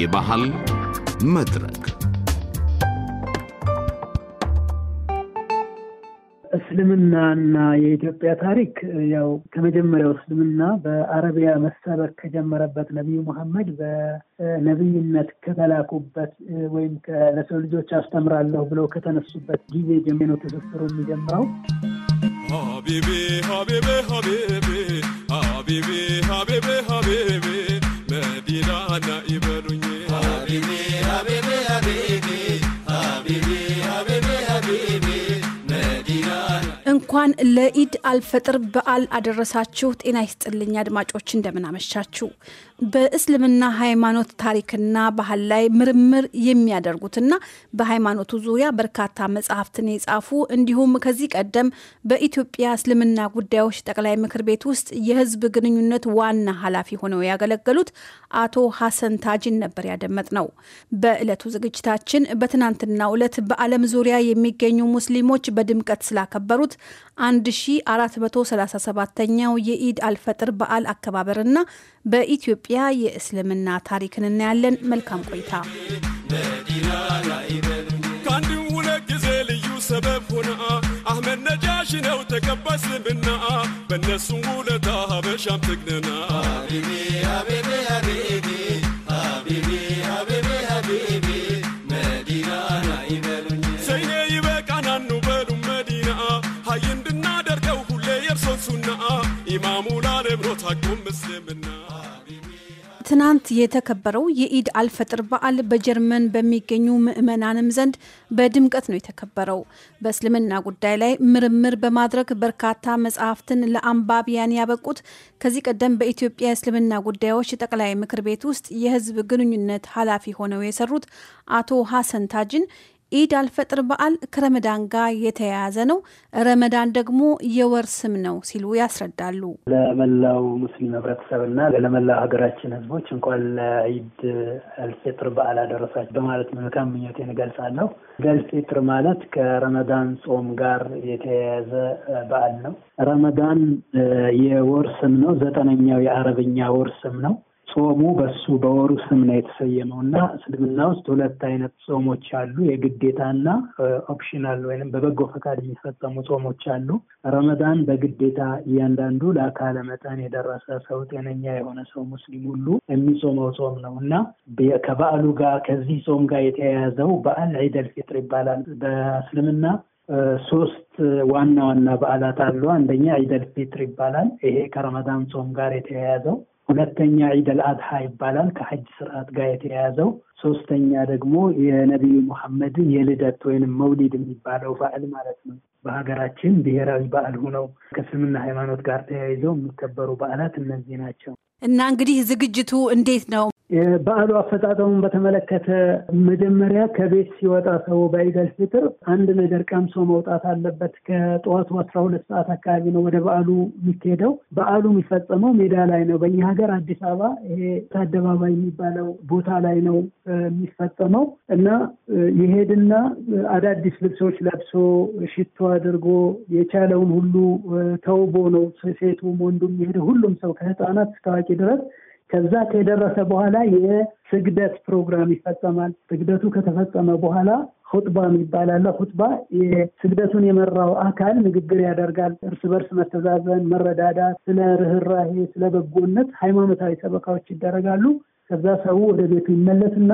የባህል መድረክ እስልምናና የኢትዮጵያ ታሪክ ያው ከመጀመሪያው እስልምና በአረቢያ መሰበክ ከጀመረበት ነቢዩ መሐመድ በነቢይነት ከተላኩበት ወይም ለሰው ልጆች አስተምራለሁ ብለው ከተነሱበት ጊዜ ጀምሮ ትስስሩ የሚጀምረው ሀቢቤ ሀቢቤ ሀቢቤ እንኳን ለኢድ አልፈጥር በዓል አደረሳችሁ። ጤና ይስጥልኝ አድማጮች፣ እንደምናመሻችሁ። በእስልምና ሃይማኖት ታሪክና ባህል ላይ ምርምር የሚያደርጉትና በሃይማኖቱ ዙሪያ በርካታ መጽሐፍትን የጻፉ እንዲሁም ከዚህ ቀደም በኢትዮጵያ እስልምና ጉዳዮች ጠቅላይ ምክር ቤት ውስጥ የህዝብ ግንኙነት ዋና ኃላፊ ሆነው ያገለገሉት አቶ ሀሰን ታጂን ነበር ያደመጥ ነው። በዕለቱ ዝግጅታችን በትናንትናው ዕለት በዓለም ዙሪያ የሚገኙ ሙስሊሞች በድምቀት ስላከበሩት 1437ኛው የኢድ አልፈጥር በዓል አከባበርና በኢትዮጵያ የእስልምና ታሪክን እናያለን። መልካም ቆይታ። ከአንድም ሁለት ጊዜ ልዩ ሰበብ አህመድ ነጃሽ ነው ተቀባይ በእነሱም ሀበሻም ሀቢቢ ሀቢቢ ሀቢቢ ሀቢቢ ትናንት የተከበረው የኢድ አልፈጥር በዓል በጀርመን በሚገኙ ምዕመናንም ዘንድ በድምቀት ነው የተከበረው። በእስልምና ጉዳይ ላይ ምርምር በማድረግ በርካታ መጽሐፍትን ለአንባቢያን ያበቁት ከዚህ ቀደም በኢትዮጵያ እስልምና ጉዳዮች ጠቅላይ ምክር ቤት ውስጥ የሕዝብ ግንኙነት ኃላፊ ሆነው የሰሩት አቶ ሀሰን ታጅን ኢድ አልፈጥር በዓል ከረመዳን ጋር የተያያዘ ነው። ረመዳን ደግሞ የወር ስም ነው ሲሉ ያስረዳሉ። ለመላው ሙስሊም ህብረተሰብና ለመላው ሀገራችን ህዝቦች እንኳን ለኢድ አልፌጥር በዓል አደረሳችሁ በማለት መልካም ምኞቴን እገልጻለሁ። ገልፌጥር ማለት ከረመዳን ጾም ጋር የተያያዘ በዓል ነው። ረመዳን የወር ስም ነው። ዘጠነኛው የአረብኛ ወር ስም ነው። ጾሙ በሱ በወሩ ስም ነው የተሰየመው እና እስልምና ውስጥ ሁለት አይነት ጾሞች አሉ። የግዴታና ኦፕሽናል ወይም በበጎ ፈቃድ የሚፈጸሙ ጾሞች አሉ። ረመዳን በግዴታ እያንዳንዱ ለአካለ መጠን የደረሰ ሰው፣ ጤነኛ የሆነ ሰው ሙስሊም ሁሉ የሚጾመው ጾም ነው እና ከበዓሉ ጋር ከዚህ ጾም ጋር የተያያዘው በዓል ዒደል ፊጥር ይባላል በእስልምና ሶስት ዋና ዋና በዓላት አሉ። አንደኛ ዒደል ፊጥር ይባላል። ይሄ ከረመዳን ጾም ጋር የተያያዘው ሁለተኛ ዒደል አድሃ ይባላል ከሐጅ ስርዓት ጋር የተያያዘው። ሶስተኛ ደግሞ የነቢዩ ሙሐመድ የልደት ወይንም መውሊድ የሚባለው በዓል ማለት ነው። በሀገራችን ብሔራዊ በዓል ሆነው ከእስልምና ሃይማኖት ጋር ተያይዘው የሚከበሩ በዓላት እነዚህ ናቸው እና እንግዲህ ዝግጅቱ እንዴት ነው? የበዓሉ አፈጣጠሙን በተመለከተ መጀመሪያ ከቤት ሲወጣ ሰው በኢደል ፊጥር አንድ ነገር ቀምሶ መውጣት አለበት። ከጠዋቱ አስራ ሁለት ሰዓት አካባቢ ነው ወደ በዓሉ የሚካሄደው። በዓሉ የሚፈጸመው ሜዳ ላይ ነው። በእኛ ሀገር አዲስ አበባ ይሄ አደባባይ የሚባለው ቦታ ላይ ነው የሚፈጸመው እና የሄድና አዳዲስ ልብሶች ለብሶ ሽቶ አድርጎ የቻለውን ሁሉ ተውቦ ነው ሴቱም ወንዱም የሄደ ሁሉም ሰው ከህፃናት እስከ አዋቂ ድረስ ከዛ ከደረሰ በኋላ የስግደት ፕሮግራም ይፈጸማል። ስግደቱ ከተፈጸመ በኋላ ሁጥባ የሚባል ሁጥባ ስግደቱን የመራው አካል ንግግር ያደርጋል። እርስ በርስ መተዛዘን፣ መረዳዳት፣ ስለ ርኅራሄ፣ ስለ በጎነት ሃይማኖታዊ ሰበካዎች ይደረጋሉ። ከዛ ሰው ወደ ቤቱ ይመለስና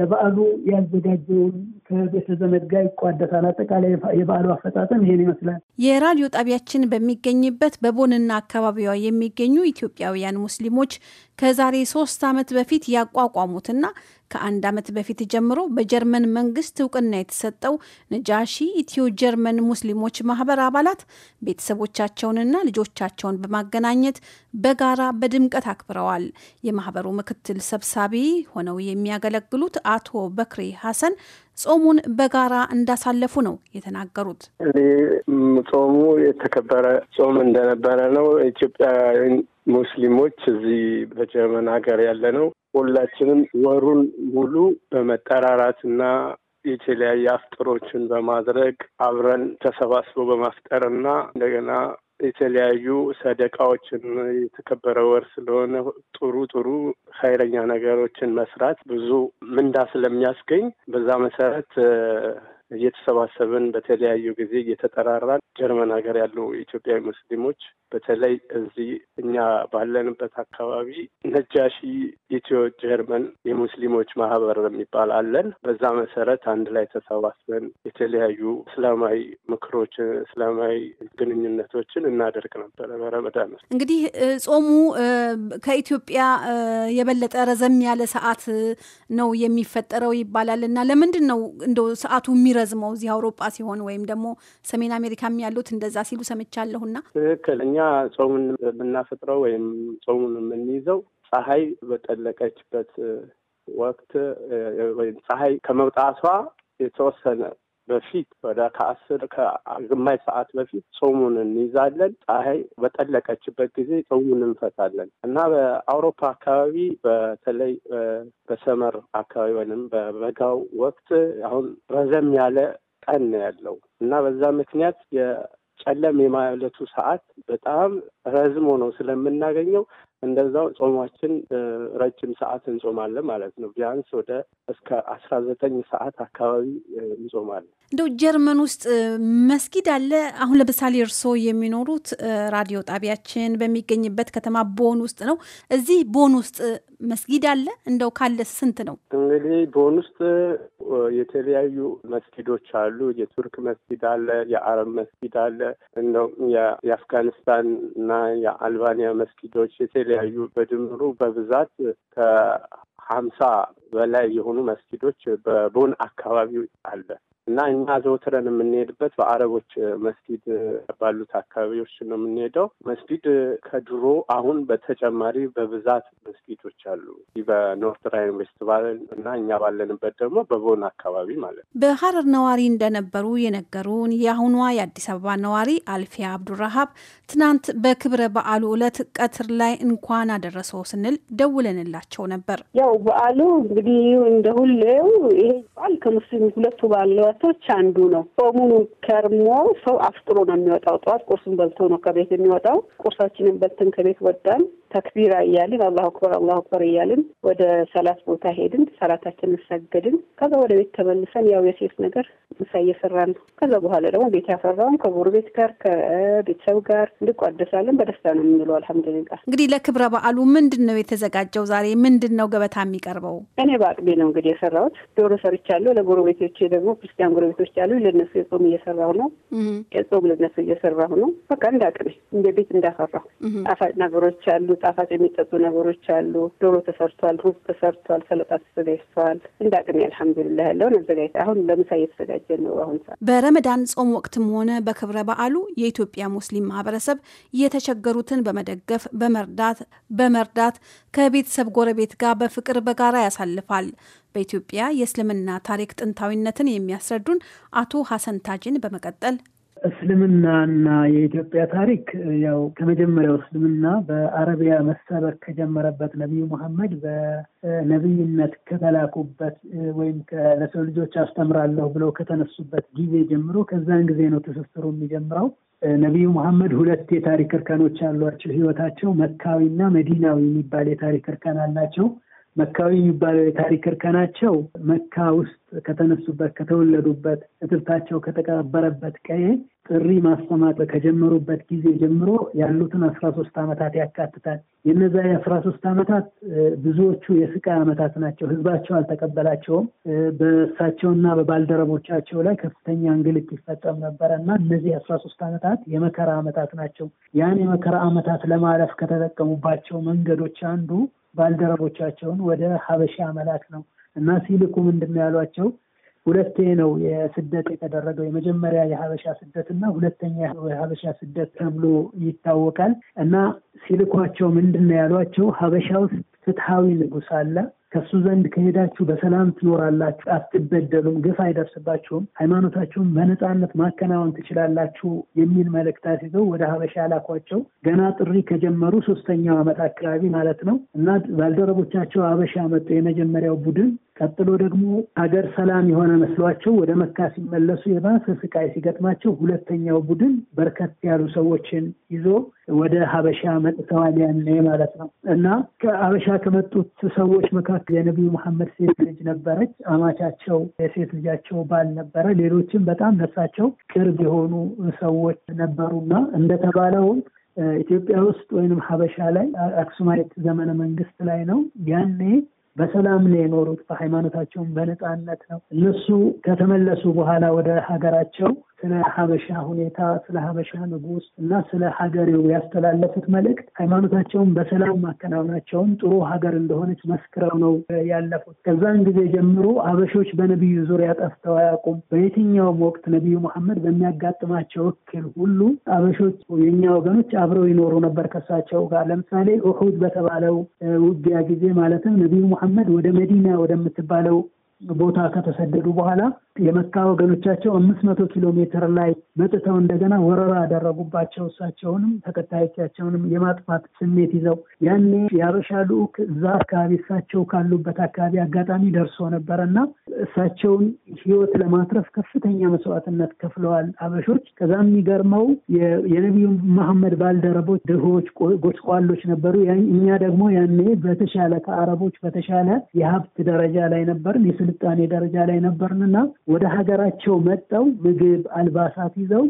ለበዓሉ ያዘጋጀውን ከቤተ ዘመድ ጋር ይቋደሳል። አጠቃላይ የበዓሉ አፈጣጠም ይሄን ይመስላል። የራዲዮ ጣቢያችን በሚገኝበት በቦንና አካባቢዋ የሚገኙ ኢትዮጵያውያን ሙስሊሞች ከዛሬ ሶስት ዓመት በፊት ያቋቋሙትና ከአንድ ዓመት በፊት ጀምሮ በጀርመን መንግስት እውቅና የተሰጠው ነጃሺ ኢትዮ ጀርመን ሙስሊሞች ማህበር አባላት ቤተሰቦቻቸውንና ልጆቻቸውን በማገናኘት በጋራ በድምቀት አክብረዋል። የማህበሩ ምክትል ሰብሳቢ ሆነው የሚያገለግሉት አቶ በክሬ ሀሰን ጾሙን በጋራ እንዳሳለፉ ነው የተናገሩት። ጾሙ የተከበረ ጾም እንደነበረ ነው። ኢትዮጵያውያን ሙስሊሞች እዚህ በጀርመን ሀገር ያለ ነው። ሁላችንም ወሩን ሙሉ በመጠራራት እና የተለያየ አፍጥሮችን በማድረግ አብረን ተሰባስቦ በማፍጠር እና እንደገና የተለያዩ ሰደቃዎችን የተከበረ ወር ስለሆነ ጥሩ ጥሩ ኃይለኛ ነገሮችን መስራት ብዙ ምንዳ ስለሚያስገኝ በዛ መሰረት እየተሰባሰብን በተለያዩ ጊዜ እየተጠራራን ጀርመን ሀገር ያሉ ኢትዮጵያዊ ሙስሊሞች በተለይ እዚህ እኛ ባለንበት አካባቢ ነጃሺ ኢትዮ ጀርመን የሙስሊሞች ማህበር የሚባል አለን። በዛ መሰረት አንድ ላይ ተሰባስበን የተለያዩ እስላማዊ ምክሮችን፣ እስላማዊ ግንኙነቶችን እናደርግ ነበረ። በረመዳን ውስጥ እንግዲህ ጾሙ ከኢትዮጵያ የበለጠ ረዘም ያለ ሰዓት ነው የሚፈጠረው ይባላል እና ለምንድን ነው እንደው ሰዓቱ የሚረ የሚረዝመው እዚህ አውሮጳ ሲሆን ወይም ደግሞ ሰሜን አሜሪካም ያሉት እንደዛ ሲሉ ሰምቻለሁና ትክክል። እኛ ጾሙን የምናፈጥረው ወይም ጾሙን የምንይዘው ፀሐይ በጠለቀችበት ወቅት ወይም ፀሐይ ከመውጣቷ የተወሰነ በፊት ወደ ከአስር ከግማሽ ሰዓት በፊት ጾሙን እንይዛለን። ፀሐይ በጠለቀችበት ጊዜ ጾሙን እንፈታለን እና በአውሮፓ አካባቢ በተለይ በሰመር አካባቢ ወይም በበጋው ወቅት አሁን ረዘም ያለ ቀን ነው ያለው እና በዛ ምክንያት ጨለም የማለቱ ሰዓት በጣም ረዝሞ ነው ስለምናገኘው እንደዛው ጾማችን ረጅም ሰዓት እንጾማለን ማለት ነው። ቢያንስ ወደ እስከ አስራ ዘጠኝ ሰዓት አካባቢ እንጾማለን። እንደው ጀርመን ውስጥ መስጊድ አለ? አሁን ለምሳሌ እርስዎ የሚኖሩት ራዲዮ ጣቢያችን በሚገኝበት ከተማ ቦን ውስጥ ነው። እዚህ ቦን ውስጥ መስጊድ አለ? እንደው ካለ ስንት ነው? እንግዲህ ቦን ውስጥ የተለያዩ መስጊዶች አሉ። የቱርክ መስጊድ አለ፣ የአረብ መስጊድ አለ፣ እንደው የአፍጋኒስታን እና የአልባንያ መስጊዶች የተለያዩ በድምሩ በብዛት ከሀምሳ በላይ የሆኑ መስጊዶች በቦን አካባቢ አለ። እና እኛ ዘውትረን የምንሄድበት በአረቦች መስጊድ ባሉት አካባቢዎች ነው የምንሄደው። መስጊድ ከድሮ አሁን በተጨማሪ በብዛት መስጊዶች አሉ። በኖርት ራይን ፌስቲቫል እና እኛ ባለንበት ደግሞ በቦን አካባቢ ማለት ነው። በሀረር ነዋሪ እንደነበሩ የነገሩን የአሁኗ የአዲስ አበባ ነዋሪ አልፊያ አብዱራሃብ ትናንት በክብረ በዓሉ ዕለት ቀትር ላይ እንኳን አደረሰው ስንል ደውለንላቸው ነበር። ያው በዓሉ እንግዲህ እንደ ሁሌው ይሄ በዓል ከሙስሊም ሁለቱ ባለው ህብረቶች አንዱ ነው። ጾሙን ከርሞ ሰው አፍጥሮ ነው የሚወጣው። ጠዋት ቁርሱን በልቶ ነው ከቤት የሚወጣው። ቁርሳችንን በልተን ከቤት ወጣን ተክቢራ እያልን አላሁ አክበር አላሁ አክበር እያልን ወደ ሰላት ቦታ ሄድን። ሰላታችን ሰገድን። ከዛ ወደ ቤት ተመልሰን ያው የሴት ነገር ምሳ እየሰራ ነው። ከዛ በኋላ ደግሞ ቤት ያፈራውን ከጎረቤት ጋር ከቤተሰብ ጋር እንቋደሳለን። በደስታ ነው የምንለው። አልሐምዱሊላ። እንግዲህ ለክብረ በዓሉ ምንድን ነው የተዘጋጀው? ዛሬ ምንድን ነው ገበታ የሚቀርበው? እኔ በአቅሜ ነው እንግዲህ የሰራሁት። ዶሮ ሰርቻለሁ። ለጎረቤቶቼ ደግሞ ክርስቲያን ጎረቤቶች አሉ። ለነሱ የጾም እየሰራሁ ነው። የጾም ለነሱ እየሰራሁ ነው። በቃ እንዳቅሜ እንደ ቤት እንዳፈራሁ ጣፋጭ ነገሮች አሉ። ጣፋጭ የሚጠጡ ነገሮች አሉ። ዶሮ ተሰርቷል፣ ሩዝ ተሰርቷል፣ ሰለጣ ተዘጋጅተዋል። እንደ አቅሜ አልሐምዱሊላህ ያለውን አዘጋጅ አሁን ለምሳ እየተዘጋጀ ነው። አሁን ሰ በረመዳን ጾም ወቅትም ሆነ በክብረ በዓሉ የኢትዮጵያ ሙስሊም ማህበረሰብ የተቸገሩትን በመደገፍ በመርዳት በመርዳት ከቤተሰብ ጎረቤት ጋር በፍቅር በጋራ ያሳልፋል። በኢትዮጵያ የእስልምና ታሪክ ጥንታዊነትን የሚያስረዱን አቶ ሀሰን ታጅን በመቀጠል እስልምናና የኢትዮጵያ ታሪክ ያው ከመጀመሪያው እስልምና በአረቢያ መሰበክ ከጀመረበት ነቢዩ መሐመድ በነቢይነት ከተላኩበት ወይም ለሰው ልጆች አስተምራለሁ ብለው ከተነሱበት ጊዜ ጀምሮ ከዛን ጊዜ ነው ትስስሩ የሚጀምረው። ነቢዩ መሐመድ ሁለት የታሪክ እርከኖች ያሏቸው ህይወታቸው መካዊና መዲናዊ የሚባል የታሪክ እርከን አላቸው። መካዊ የሚባለው የታሪክ እርከናቸው መካ ውስጥ ከተነሱበት፣ ከተወለዱበት፣ እትብታቸው ከተቀበረበት ቀይ ጥሪ ማሰማት ከጀመሩበት ጊዜ ጀምሮ ያሉትን አስራ ሶስት ዓመታት ያካትታል። የነዚያ የአስራ ሶስት ዓመታት ብዙዎቹ የስቃይ ዓመታት ናቸው። ህዝባቸው አልተቀበላቸውም። በእሳቸውና በባልደረቦቻቸው ላይ ከፍተኛ እንግልት ይፈጸም ነበረ እና እነዚህ አስራ ሶስት ዓመታት የመከራ ዓመታት ናቸው። ያን የመከራ ዓመታት ለማለፍ ከተጠቀሙባቸው መንገዶች አንዱ ባልደረቦቻቸውን ወደ ሀበሻ መላክ ነው። እና ሲልኩ እንደሚያሏቸው ያሏቸው? ሁለቴ ነው የስደት የተደረገው። የመጀመሪያ የሀበሻ ስደት እና ሁለተኛ የሀበሻ ስደት ተብሎ ይታወቃል። እና ሲልኳቸው ምንድን ነው ያሏቸው? ሀበሻ ውስጥ ፍትሐዊ ንጉስ አለ ከሱ ዘንድ ከሄዳችሁ በሰላም ትኖራላችሁ፣ አትበደሉም፣ ግፍ አይደርስባችሁም፣ ሃይማኖታችሁን በነፃነት ማከናወን ትችላላችሁ የሚል መልእክት አስይዘው ወደ ሀበሻ ላኳቸው። ገና ጥሪ ከጀመሩ ሶስተኛው ዓመት አካባቢ ማለት ነው እና ባልደረቦቻቸው ሀበሻ መጡ፣ የመጀመሪያው ቡድን። ቀጥሎ ደግሞ ሀገር ሰላም የሆነ መስሏቸው ወደ መካ ሲመለሱ የባሰ ስቃይ ሲገጥማቸው ሁለተኛው ቡድን በርከት ያሉ ሰዎችን ይዞ ወደ ሀበሻ መጥተዋል ያኔ ማለት ነው እና ከሀበሻ ከመጡት ሰዎች መካከል የነቢዩ መሐመድ ሴት ልጅ ነበረች። አማቻቸው የሴት ልጃቸው ባል ነበረ። ሌሎችም በጣም ለሳቸው ቅርብ የሆኑ ሰዎች ነበሩና እንደተባለውም ኢትዮጵያ ውስጥ ወይንም ሀበሻ ላይ አክሱማይት ዘመነ መንግስት ላይ ነው ያኔ በሰላም ነው የኖሩት። በሃይማኖታቸውን በነፃነት ነው። እነሱ ከተመለሱ በኋላ ወደ ሀገራቸው ስለ ሀበሻ ሁኔታ፣ ስለ ሀበሻ ንጉስ እና ስለ ሀገሬው ያስተላለፉት መልእክት ሃይማኖታቸውን በሰላም ማከናወናቸውን ጥሩ ሀገር እንደሆነች መስክረው ነው ያለፉት። ከዛን ጊዜ ጀምሮ ሀበሾች በነቢዩ ዙሪያ ጠፍተው አያውቁም። በየትኛውም ወቅት ነቢዩ መሐመድ በሚያጋጥማቸው እክል ሁሉ ሀበሾች የኛ ወገኖች አብረው ይኖሩ ነበር ከሳቸው ጋር። ለምሳሌ ኡሑድ በተባለው ውጊያ ጊዜ ማለትም ነቢዩ መሐመድ ወደ መዲና ወደምትባለው ቦታ ከተሰደዱ በኋላ የመካ ወገኖቻቸው አምስት መቶ ኪሎ ሜትር ላይ መጥተው እንደገና ወረራ ያደረጉባቸው እሳቸውንም ተከታዮቻቸውንም የማጥፋት ስሜት ይዘው ያኔ የአበሻ ልዑክ እዛ አካባቢ እሳቸው ካሉበት አካባቢ አጋጣሚ ደርሶ ነበረ እና እሳቸውን ህይወት ለማትረፍ ከፍተኛ መስዋዕትነት ከፍለዋል አበሾች። ከዛ የሚገርመው የነቢዩ መሐመድ ባልደረቦች ድሆች፣ ጎስቋሎች ነበሩ። እኛ ደግሞ ያኔ በተሻለ ከአረቦች በተሻለ የሀብት ደረጃ ላይ ነበርን፣ የስልጣኔ ደረጃ ላይ ነበርን እና ወደ ሀገራቸው መጠው ምግብ፣ አልባሳት ይዘው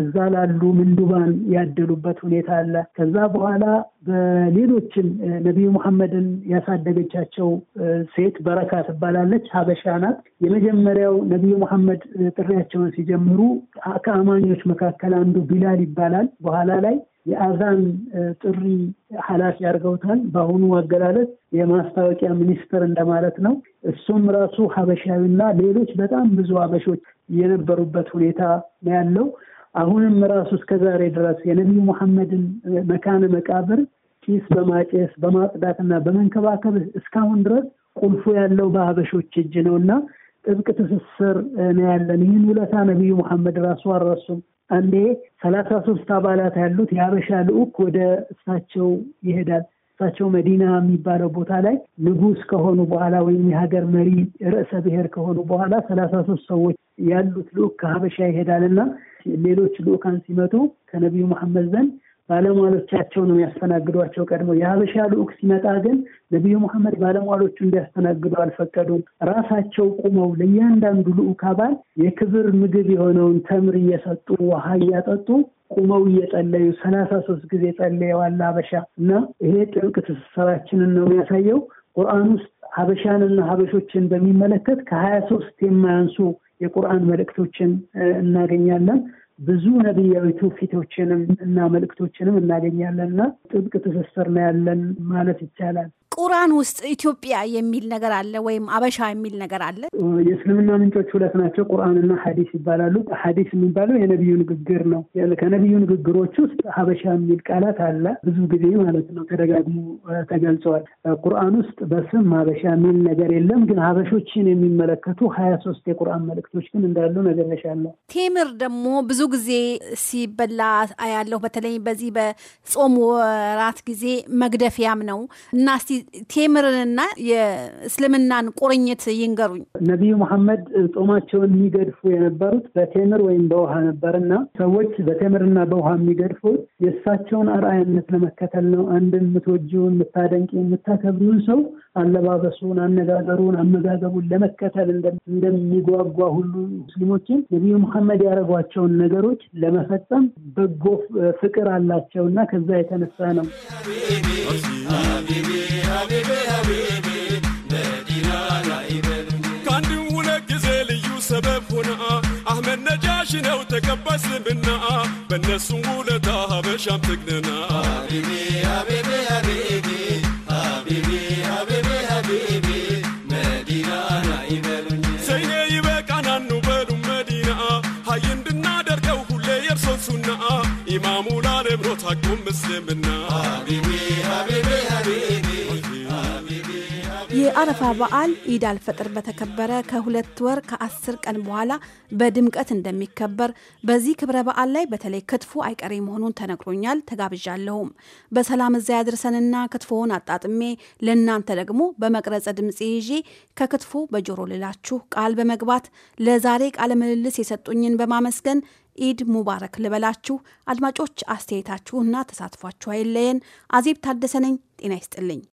እዛ ላሉ ምንዱባን ያደሉበት ሁኔታ አለ። ከዛ በኋላ በሌሎችም ነቢዩ መሐመድን ያሳደገቻቸው ሴት በረካ ትባላለች። ሀበሻ ናት። የመጀመሪያው ነቢዩ መሐመድ ጥሪያቸውን ሲጀምሩ ከአማኞች መካከል አንዱ ቢላል ይባላል። በኋላ ላይ የአዛን ጥሪ ኃላፊ አድርገውታል። በአሁኑ አገላለጽ የማስታወቂያ ሚኒስትር እንደማለት ነው። እሱም ራሱ ሀበሻዊና ሌሎች በጣም ብዙ ሀበሾች የነበሩበት ሁኔታ ነው ያለው። አሁንም ራሱ እስከዛሬ ድረስ የነቢዩ መሐመድን መካነ መቃብር ጭስ በማጨስ በማጽዳትና በመንከባከብ እስካሁን ድረስ ቁልፉ ያለው በሀበሾች እጅ ነው እና ጥብቅ ትስስር ነው ያለን። ይህን ውለታ ነቢዩ መሐመድ ራሱ አልረሱም። አንዴ ሰላሳ ሶስት አባላት ያሉት የሀበሻ ልዑክ ወደ እሳቸው ይሄዳል። እሳቸው መዲና የሚባለው ቦታ ላይ ንጉስ ከሆኑ በኋላ ወይም የሀገር መሪ ርዕሰ ብሔር ከሆኑ በኋላ ሰላሳ ሶስት ሰዎች ያሉት ልዑክ ከሀበሻ ይሄዳል እና ሌሎች ልዑካን ሲመጡ ከነቢዩ መሐመድ ዘንድ ባለሟሎቻቸው ነው የሚያስተናግዷቸው። ቀድሞ የሀበሻ ልዑክ ሲመጣ ግን ነቢዩ መሐመድ ባለሟሎቹ እንዲያስተናግዱ አልፈቀዱም። ራሳቸው ቁመው ለእያንዳንዱ ልዑክ አባል የክብር ምግብ የሆነውን ተምር እየሰጡ ውሃ እያጠጡ ቁመው እየጸለዩ ሰላሳ ሶስት ጊዜ ጸለየዋል ሀበሻ እና ይሄ ጥብቅ ትስስራችንን ነው የሚያሳየው። ቁርአን ውስጥ ሀበሻንና ሀበሾችን በሚመለከት ከሀያ ሶስት የማያንሱ የቁርአን መልእክቶችን እናገኛለን። ብዙ ነቢያዊ ፊቶችንም እና መልእክቶችንም እናገኛለን እና ጥብቅ ትስስር ነው ያለን ማለት ይቻላል። ቁርአን ውስጥ ኢትዮጵያ የሚል ነገር አለ ወይም አበሻ የሚል ነገር አለ? የእስልምና ምንጮች ሁለት ናቸው፣ ቁርአንና ሀዲስ ይባላሉ። ሀዲስ የሚባለው የነቢዩ ንግግር ነው። ከነቢዩ ንግግሮች ውስጥ ሀበሻ የሚል ቃላት አለ፣ ብዙ ጊዜ ማለት ነው፣ ተደጋግሞ ተገልጸዋል። ቁርአን ውስጥ በስም ሀበሻ የሚል ነገር የለም፣ ግን ሀበሾችን የሚመለከቱ ሀያ ሶስት የቁርአን መልእክቶች ግን እንዳሉ ነግሬሻለሁ። ቴምር ደግሞ ብዙ ጊዜ ሲበላ አያለሁ፣ በተለይ በዚህ በጾም ወራት ጊዜ መግደፊያም ነው እና እስቲ ቴምርንና የእስልምናን ቁርኝት ይንገሩኝ። ነቢዩ መሐመድ ጾማቸውን የሚገድፉ የነበሩት በቴምር ወይም በውሃ ነበርና ሰዎች በቴምርና በውሃ የሚገድፉት የእሳቸውን አርአያነት ለመከተል ነው። አንድን የምትወጂው የምታደንቅ የምታከብሩን ሰው አለባበሱን፣ አነጋገሩን፣ አመጋገቡን ለመከተል እንደሚጓጓ ሁሉ ሙስሊሞችን ነቢዩ መሐመድ ያደረጓቸውን ነገሮች ለመፈጸም በጎ ፍቅር አላቸውና ከዛ የተነሳ ነው። ሀቢቢ ሀቢቢ መዲና ላይ በሉኝ ከአንድም ሁለት ጊዜ ልዩ ሰበብ ሆና አህመድ ነጃሽ ነው ተቀባይ ስምና በእነሱም ውለታ ሀበሻም ትግንና ሀቢቢ ሀቢቢ ሀቢቢ ሀቢቢ ሀቢቢ ሀቢቢ መዲና ላይ በሉኝ ዘይኔ ይበቃናኑ በሉም መዲና ሀይ እንድናደርገው ሁሌ የእርሶን ሱና ኢማሙ ላለም ሮት ሀቁም ምስልምና ሀቢቢ ሀቢቢ የአረፋ በዓል ኢድ አልፈጥር በተከበረ ከሁለት ወር ከአስር ቀን በኋላ በድምቀት እንደሚከበር በዚህ ክብረ በዓል ላይ በተለይ ክትፎ አይቀሬ መሆኑን ተነግሮኛል። ተጋብዣለሁም። በሰላም እዛ ያድርሰንና ክትፎውን አጣጥሜ ለእናንተ ደግሞ በመቅረጸ ድምፅ ይዤ ከክትፎ በጆሮ ልላችሁ ቃል በመግባት ለዛሬ ቃለ ምልልስ የሰጡኝን በማመስገን ኢድ ሙባረክ ልበላችሁ። አድማጮች አስተያየታችሁና ተሳትፏችሁ አይለየን። አዜብ ታደሰ ነኝ። ጤና ይስጥልኝ።